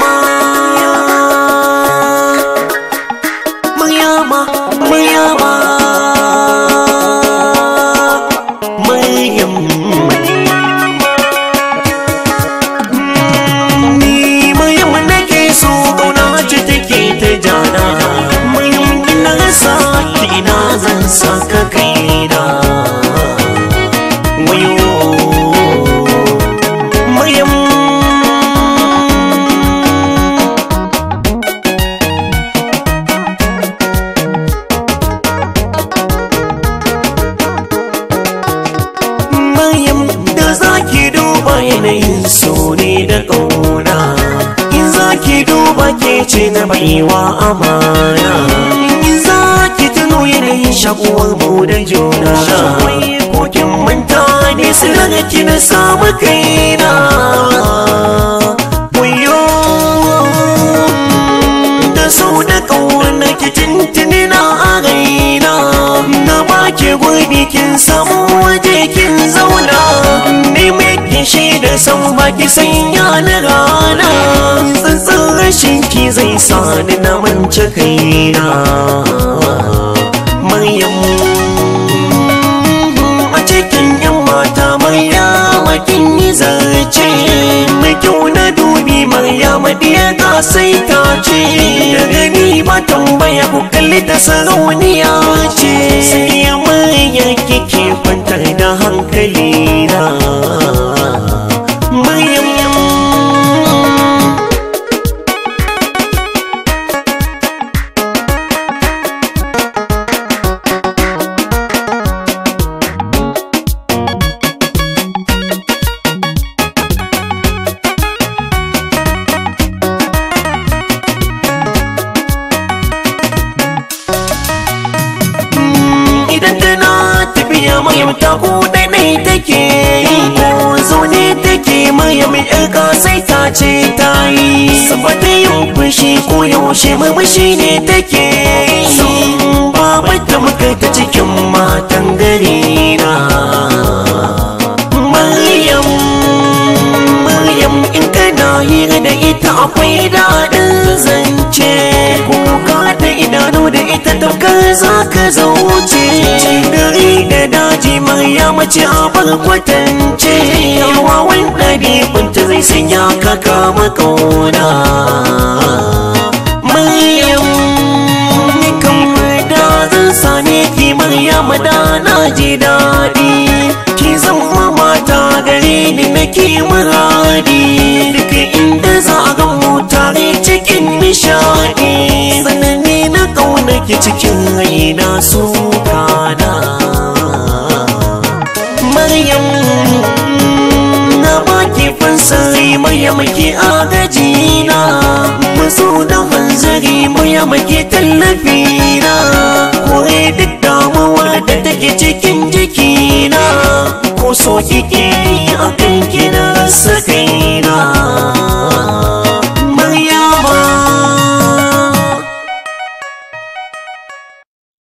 summer yanayin so ne da ƙauna in za ki duba ke ce na baiwa amana in za ki tuno yanayin shakuwar mu da juna ko manta ne su da ki na samu kaina Na kin samu waje kin zauna san baki sanya na rana tsantsan rashin ki zai sani na mance kaina maryam a cikin yan mata maryama kin yi zarce mai kyau na dubi maryama diya ta sai ta ce da gani ba tambaya ku kalli ta sarauniya ce sai ya maryar kike kwantar da hankali duniya mayamta ku ɗaiɗai take yi ko zaune take mayam ƴarka sai ta ce ta yi sabata yin fushi ko yaushe mamashi ne take yi babar da muka ta cikin matan gari na mayam maryam in na hira da ita akwai daɗin zance kuka da idanu da ita tamkar za ka zaune mace abin kwatance wawan ɗabi'unta zai sanya ka kama ƙauna maryam nikan fada zan same ki maryam da na ji daɗi ki zama mata gare ni nake muradi duk inda za a ga mutane cikin nishaɗi sanani na ƙaunaki cikin raina so maryam na baki fansari mayamaki agajina maso da hanzari mayamaki tallafina kore duk damuwa da take cikin jikina ko so kike a kanki